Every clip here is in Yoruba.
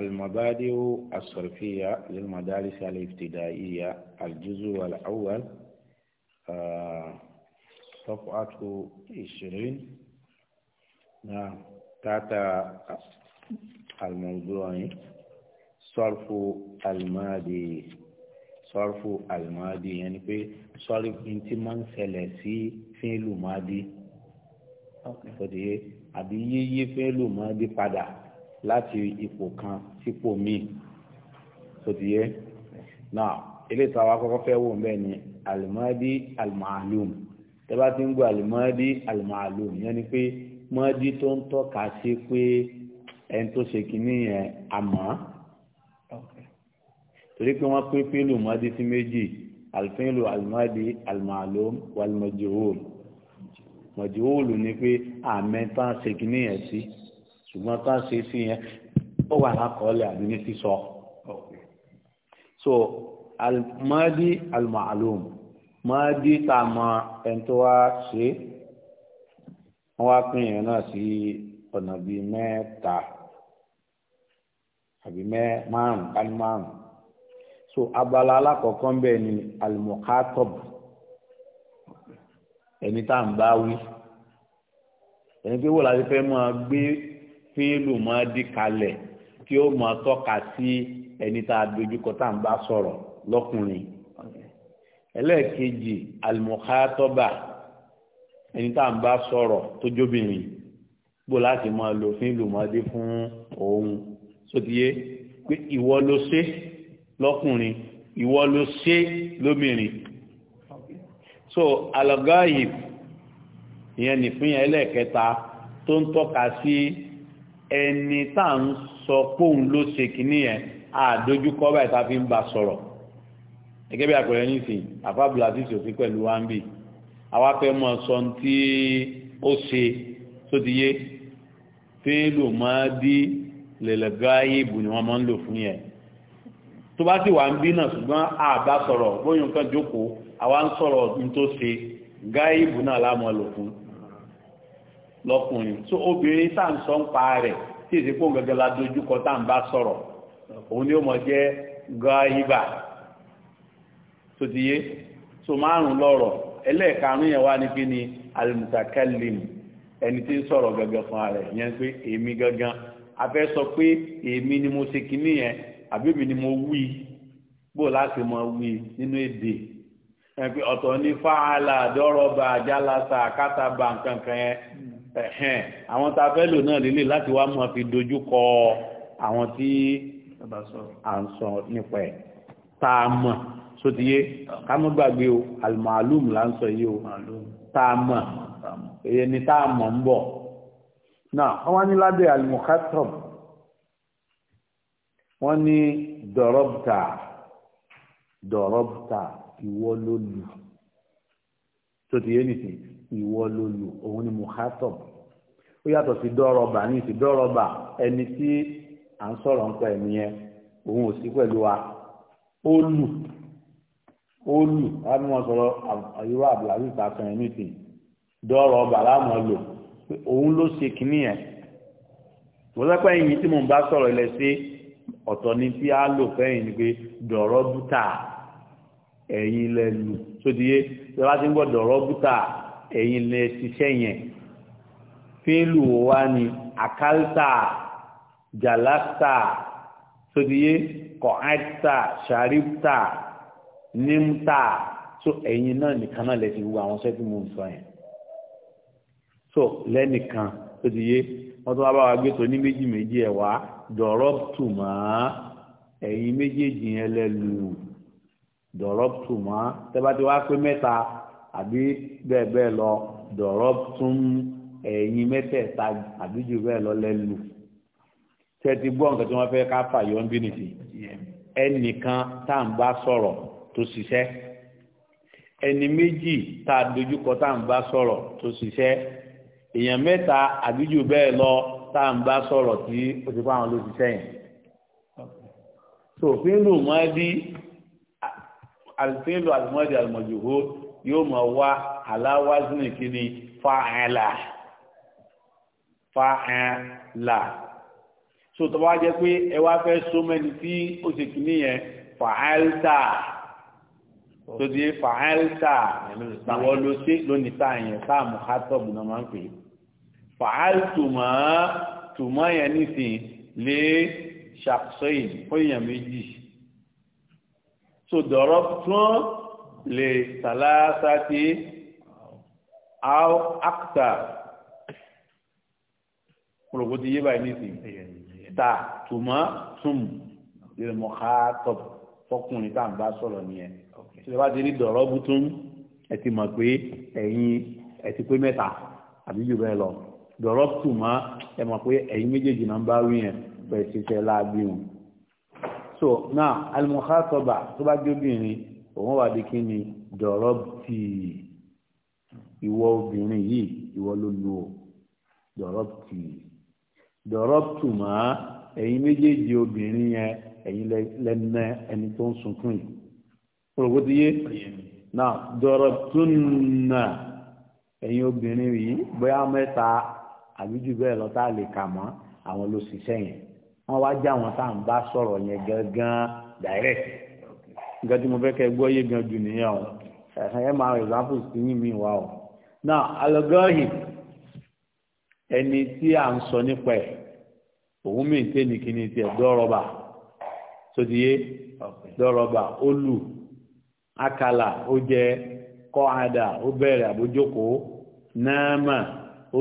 المبادئ الصرفية للمدارس الابتدائية الجزء الأول صفحة عشرين نعم تحت الموضوع صرف المادي صرف المادي يعني في صرف انت من ثلاثي في المادي okay. àbí yíyí fẹ́ lò mọ́ bí padà láti ipò sípò míì sòtìyẹ náà eléyìí táwa kọ́kọ́ fẹ́ wò bẹ́ẹ̀ ni alimadi alimaalum tẹ́bá ti ń gbọ́ alimadi alimaalum yẹn ni pé mọ́dí tó ń tọ́ka sí pé ẹni tó ṣe kínní yẹn àmọ́ torí pé wọ́n pín pínlù mọ́dí sí méjì alifínlù alimadi alimaalum walimajihol mọ̀jìhol ni pé àmẹ́ tán ṣe kínní yẹn sí ṣùgbọ́n tán ṣe sí yẹn ó wà lákọọ́lẹ̀ àbí ní sísọ so almadi almaalum madi tá a mọ ẹni tó wá ṣe wọ́n wá pín ìyẹn náà sí ọ̀nà bíi mẹ́ta àbí márùn kálí márùn so abala alákọ̀ọ́kọ́ ń bẹ ni alimokaatob ẹni tá à ń bá wí ẹni pé wọ́n láti fẹ́ máa gbé fíìlù máa kalẹ̀ tí ó mọ̀ tọ́ka sí ẹni tá a dojúkọ tá à ń bá sọ̀rọ̀ lọ́kùnrin ẹlẹ́ẹ̀kejì alimọ̀kátọ́bà ẹni tá à ń bá sọ̀rọ̀ tó jóbìnrin láti máa lò fún ìlúmọdé fún òun sótìyé pé ìwọ ló ṣe lọ́kùnrin ìwọ ló ṣe lóbìnrin so alọ́gá yìí ìyẹn nìpín ẹlẹ́ẹ̀kẹta tó ń tọ́ka sí. Si, ẹni tá à ń sọ póun ló ṣe kínní yẹn àdójúkọ báyìí tá a fi ń ba sọ̀rọ̀ gẹ́gẹ́ bí àpẹẹrẹ nísìnyí àfábùlà ti sòfin pẹ̀lú wambi àwa fẹ́ mọ sọ tí ó ṣe tó ti yé fẹ́ẹ́lù máa dí lẹ̀lẹ̀gáyé ìbù ni wọ́n máa ń lò fún yẹn tó bá sì wà ń bí náà ṣùgbọ́n àbá sọ̀rọ̀ bóyá nǹkan jókòó àwa ń sọ̀rọ̀ ní tó ṣe gáyé náà láàmú lò fún lọ́kùnrin so obìnrin tá à ń sọ ń pa rẹ̀ tí èsì pò gẹ́gẹ́ la dojúkọ tá à ń bá sọ̀rọ̀ òun ni ó mọ̀ jẹ́ gaiba tó ti yé so márùn lọ́rọ̀ ẹlẹ́ẹ̀karùn yẹn wá ní kí ni alimutakalim ẹni tí ń sọ̀rọ̀ gẹ́gẹ́ fún rẹ̀ yẹn pé èmi gangan a sọ pé èmi ni mo ṣe kinní yẹn àbí ni mo wí bó láti mọ wí nínú èdè ẹ̀pẹ́ ọ̀tọ̀ ní fáálà dọ́rọ̀bà jálásà kátàbà nǹkan kan yẹn ẹ̀hẹ́n àwọn tá a fẹ́ lò náà lélẹ̀ láti wá máa fi dojú kọ àwọn tí à ń sọ nípa ẹ̀ tá a mọ̀ sotiye ká mọ́ gbàgbé o alimalum là ń sọ yìí o tá a mọ̀ èyẹ ni tá a mọ̀ ń bọ̀ náà wọ́n wá ní lábẹ́ alimukatom wọ́n ní dọ̀rọ̀bùtà dọ̀rọ̀bùtà ìwọ ló lù tó ti yé ìwọ ló lò òun ni muhatab ó yàtọ̀ sí dọ́rọ̀bà ní ìsìn dọ́rọ̀bà ẹni tí à ń sọ̀rọ̀ ń pa ẹ̀mí yẹn òun ò sí pẹ̀lú wa ó lù ó lù láti wọn sọ̀rọ̀ irú àbúlàbí ìtàkùn ẹ̀ nìsín dọ́rọ̀bà láwọn lò òun ló ṣe kínní yẹn mo lọ́pẹ́ yìí tí mo bá sọ̀rọ̀ ilẹ̀ sí ọ̀tọ̀ ni tí a lò fẹ́yìn ni pé dọ̀rọ̀ bùtà ẹ̀yin lẹ lù sódìyé tí wọ́n ti ń gbọ́dọ̀ rọ́bùtà ẹ̀yin lẹ ṣiṣẹ́ yẹn fílù wa ni àkáltà jàlátà sódìyé kọ̀ẹ́tà ṣàríptà nímtà so ẹ̀yin náà nìkan náà lẹ ti wú àwọn sẹ́tì mú sọ yẹn so lẹ́nìkan sódìyé wọ́n tún wá bá wa gbé tó ní méjì méjì ẹ̀ wá dọ̀rọ̀ tù mọ́ ẹ̀yin méjèèjì yẹn lẹ lù dọ̀rọ́pùtù mọ́ tẹ́bá ti wá pé mẹ́ta àbí bẹ́ẹ̀ bẹ́ẹ̀ lọ dọ̀rọ́pùtù ẹ̀yìn mẹ́tẹ̀ẹ̀ta àbí jù bẹ́ẹ̀ lọ lẹ́lu tẹ́ ti gbọ́ nǹkan tí wọ́n fẹ́ ká fàyọ ń bí nìsí ẹnìkan tá à ń bá sọ̀rọ̀ tó ṣiṣẹ́ ẹni méjì tá a dojúkọ tá à ń bá sọ̀rọ̀ tó ṣiṣẹ́ èèyàn mẹ́ta àbí jù bẹ́ẹ̀ lọ tá à ń bá sọ̀rọ̀ tí ó ti fáwọn ló ṣiṣẹ́ yẹn. tòfin lù aliféèlú alimọ́dé alimọ́jòhó yóò mọ̀ wá aláwázínì kíni fa'ala fa'ala so tó bá jẹ́ pé ẹ wá fẹ́ sómẹ́ni tí ó sì kíní yẹn fa'alta tó di fa'alta ìwọ ló ṣe lónìí tá yẹn tá mú hátọ́bù náà máa ń pè fa'altùmọ́ tùmọ́ yẹn nísìn lé ṣàkóso yìí fún èèyàn méjì so dọ̀rọ̀ tún lè sàlásà tí aw akta kúròkó ti yé báyìí nísìnyí ta tùmọ̀ túmù lè mọ̀ ká tọ̀ fọkùnrin tá à ń bá sọ̀rọ̀ nìyẹn ṣe bá ti rí dọ̀rọ̀ bùtún ẹ ti mọ̀ pé ẹ̀yin ẹ ti pé mẹ́ta àbí jù bẹ́ẹ̀ lọ dọ̀rọ̀ tùmọ̀ ẹ mọ̀ pé ẹ̀yin méjèèjì náà ń bá wí yẹn bẹ́ẹ̀ ti fẹ́ láàbí wọn so náà alimuhatọba tó bá jẹ́ obìnrin òun wà di kí ni dọ̀rọ̀ tì ìwọ obìnrin yìí ìwọ ló lu o dọ̀rọ̀ tì dọ̀rọ̀ tùmọ̀ ẹ̀yin méjèèjì obìnrin yẹn ẹ̀yin lẹ́nà ẹni tó ń sunkún yìí pòrògbódìyé náà dọ̀rọ̀ tùnà ẹ̀yin obìnrin yìí bóyá mẹ́ta àbí jù bẹ́ẹ̀ lọ́tà lè kà mọ́ àwọn ló ṣiṣẹ́ yẹn. wọ́n wá já wọn tá à ń bá sọ̀rọ̀ yẹn gangan direct nǹkan tí mo fẹ́ kẹ́ gbọ́ yé gan jù nìyẹn o ẹ máa examples ti yín mi wá o now alogọ́hìn ẹni tí à ń sọ nípa òun mi olù akala ó jẹ kọ́ ada ó bẹ̀rẹ̀ àbójókò náàmà ó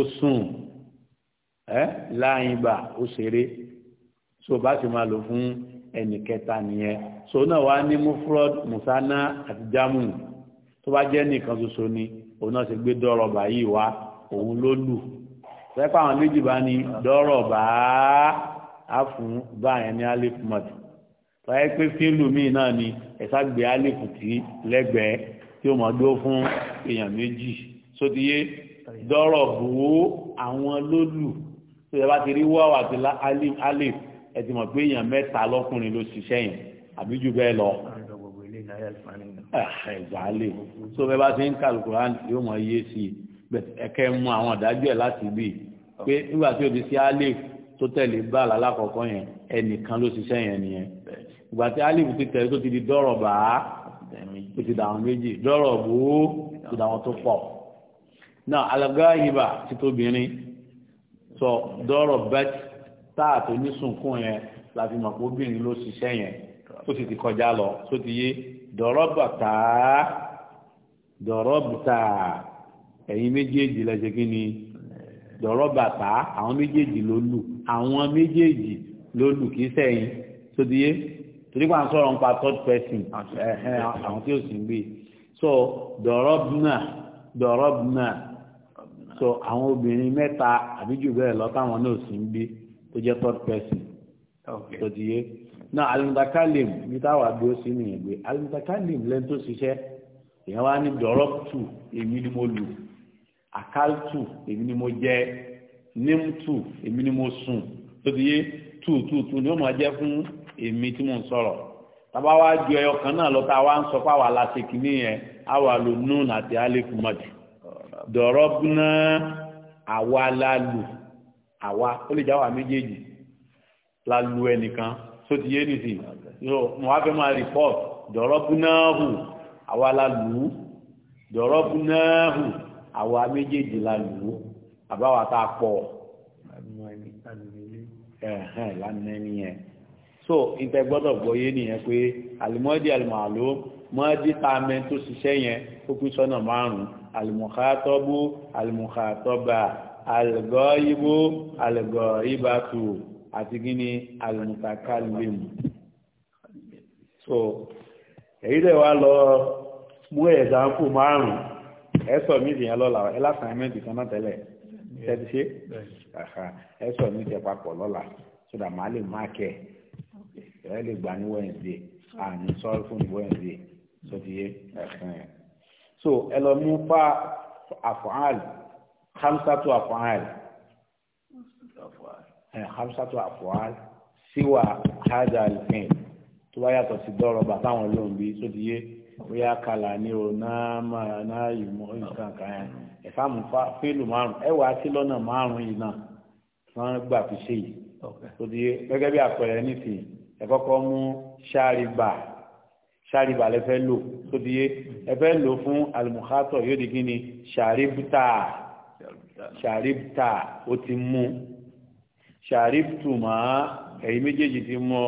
so bá ti máa lò fún ẹnì kẹta nìyẹn so náà wá ní mufrod musana àti jamu tó bá jẹ́ nìkan ṣoṣo ni òun náà ṣe gbé dọ́rọ̀bà yìí wá òun ló lù sẹ́pà àwọn méjì bá ní dọ́rọ̀bà á fún báyẹn ní alif mọ́t tọ́yẹ pé fílù míì náà ni ẹ̀sà gbé alif tí lẹ́gbẹ̀ẹ́ tí ó mọ̀ dúró fún èèyàn méjì sótìyé dọ́rọ̀bù àwọn ló lù tó yẹ bá ti rí wọ́ọ̀ àti alif ẹ ti mọ̀ pé èèyàn mẹ́ta lọ́kùnrin ló ṣiṣẹ́ yẹn àbí jù bẹ́ẹ̀ lọ. ẹ̀ẹ́dàálẹ̀ tó bẹ́ẹ̀ bá ti ń kàlùkù rán yóò mọ iye sí i ẹ̀kẹ́ mú àwọn ìdájọ́ ẹ̀ láti bì pé nígbà tí o ti ṣe alif tó tẹ̀lé bá alákọ̀ọ́kọ́ yẹn ẹnìkan ló ṣiṣẹ́ yẹn nìyẹn ìgbà tí alif ti tẹ̀lé tó ti di dọ́rọ̀ bá ó ti dàwọn méjì dọ́rọ̀ bó ti dàwọn tó pọ̀ náà alága ìbà títóbìnrin sọ dọ́rọ̀ bẹ́ẹ̀ sáà tó ní sunkún yẹn la fi mọ̀ pé obìnrin ló ṣiṣẹ́ yẹn tó sì ti kọjá lọ tó ti yé dọ̀rọ̀bàtà dọ̀rọ̀bùtà ẹ̀yin méjèèjì lẹ́sẹ̀ kí ni dọ̀rọ̀bàtà àwọn méjèèjì ló lù àwọn méjèèjì ló lù kì í sẹ́yìn tó ti yé torí pé à ń sọ̀rọ̀ nípa third person àwọn tí ó sì ń gbé so dọ̀rọ̀bùnà dọ̀rọ̀bùnà so àwọn obìnrin mẹ́ta àbí jù bẹ́ẹ̀ lọ táwọn náà sì ń gbé tó jẹ́ third person tó ti yé náà alimutakalim ní táwa bí ó sì nìyẹn gbé alimutakalim lẹ́nu tó ṣiṣẹ́ èèyàn wá ní dọ́rọ́pùtù èmi ni mo lù àkáltù èmi ni mo jẹ nímtù èmi ni mo sùn tó ti yé tùtùtù ni ó máa jẹ́ fún èmi tí mo ń sọ̀rọ̀ tábà wá ju ẹyọ kan náà lọ tá a wá ń sọ pé àwa la ṣe kìíní yẹn àwa lo nun àti alif mọ̀jù dọ̀rọ́bùnà àwa la lù àwa ó lè jáwà méjèèjì la lu ẹnìkan tó ti yé nìsín mo wá fẹ́ máa report dọ̀rọ́bù náà hù àwa la lù ú dọ̀rọ́bù náà àwa méjèèjì la lù ú àbáwa tá a pọ̀ ẹ̀hẹ́n lánàá ẹni yẹn so ìtẹ gbọ́dọ̀ gbọ́yé nìyẹn pé alimọdì alimọalo mọdì tààmẹ tó ṣiṣẹ́ yẹn ó pín sọ́nà márùn alimọkàtọbù alimọkàtọbà algọ́yìbó algọ́yìbátù àti gíní alìmùtàkàlìmù so èyí lè wá lọ mú ẹ̀sánfù márùn ẹ submit yẹn lọ́la ẹ lásàmẹ́ntì kan náà tẹ́lẹ̀ tẹ́tí ṣe ẹ submit yẹn papọ̀ lọ́la sódà máa lè máàkì ẹ̀ ẹ lè gbà ní wẹ́ǹsì àní sọ́ọ́rì fún wẹ́ǹsì sọ́tìyẹ ẹ̀hìn so ẹ lọ mú fa àfọ̀hálì hamsatu afual eh, hamsatu afual siwa hada alfin tó bá yàtọ̀ sí dọ́rọ̀ bàtà àwọn olóhùn bíi tó ti yé bóyá kàlà ní o náà máa náà yìí mọ nǹkan kan yẹn ẹ̀fà mú fílù márùn ẹwà sí lọ́nà márùn yìí náà wọ́n gbà fi ṣe yìí tó ti yé gẹ́gẹ́ bí àpẹẹrẹ nísìnyí ẹ mú ṣáàrìbà ṣáàrìbà lẹ lò tó ti yé ẹ lò fún alimuhatọ yóò di kí ni ṣáàrìbùtà ṣàríptà ó ti mú ṣàríptùmá ẹ̀yin méjèèjì ti mú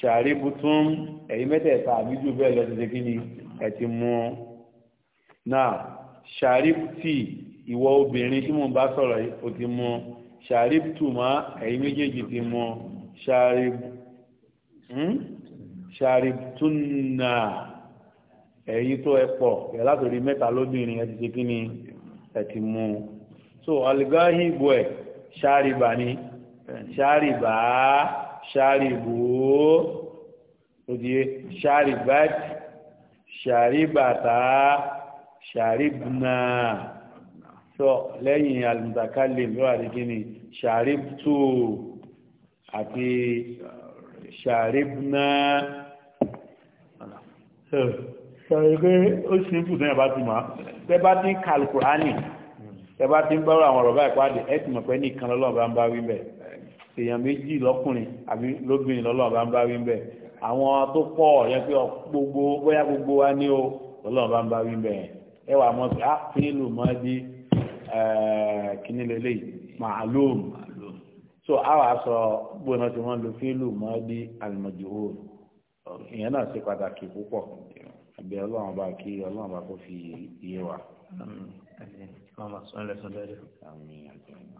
ṣàríptùm ẹ̀yin mẹ́tẹ̀ẹ̀ta àbí jù bẹ́ẹ̀ lọ ti ṣe kí ni ẹ ti mú náà ṣàríptì ìwọ obìnrin tí mo bá sọ̀rọ̀ ó ti mú ṣàríptùmá ẹ̀yin méjèèjì ti mú ṣàríptùnà hmm? ẹ̀yin tó ẹ pọ̀ ẹ̀ látòrí mẹ́ta lóbìnrin ẹ ti ṣe kí ni ẹ ti mú un so algahibu ẹ̀ ṣáàrìbà ni ṣáàrìbà ṣáàrìbò òdìye ṣáàrìbàtì ṣáàrìbàtà so lẹ́yìn alìmùtàkálẹ̀ ló wà ní kíni ṣáàrìbùtò àti ṣàrébùná ṣàrébùná ó sì ń fún ti máa tẹ́ bá ti ń ẹ bá ti ń bọ́rọ̀ àwọn ọ̀rọ̀ báyìí pàdé ẹ ti mọ̀ pé nìkan lọ́lọ́run bá ń bá wí bẹ̀ èèyàn méjì lọ́kùnrin àbí lóbìnrin lọ́lọ́run bá ń bá wí bẹ̀ àwọn tó pọ̀ yẹn pé gbogbo bóyá gbogbo wa ní o lọ́lọ́run bá ń bá wí bẹ̀ ẹ wà mọ́ sí á fílù mọ́ di kíní lélẹ̀ màálùm so a wà sọ gbóná tí wọ́n lo fílù mọ́ di àlùmọ̀jòwò ìyẹn náà ṣe pàtàkì púpọ̀ àbí ọlọ́run bá kí ọlọ́run bá kó fi iye wa. Amen àmín ọmọ sọ́nà lẹ́sọ̀ọ́ lẹ́rẹ́. àmín àmín.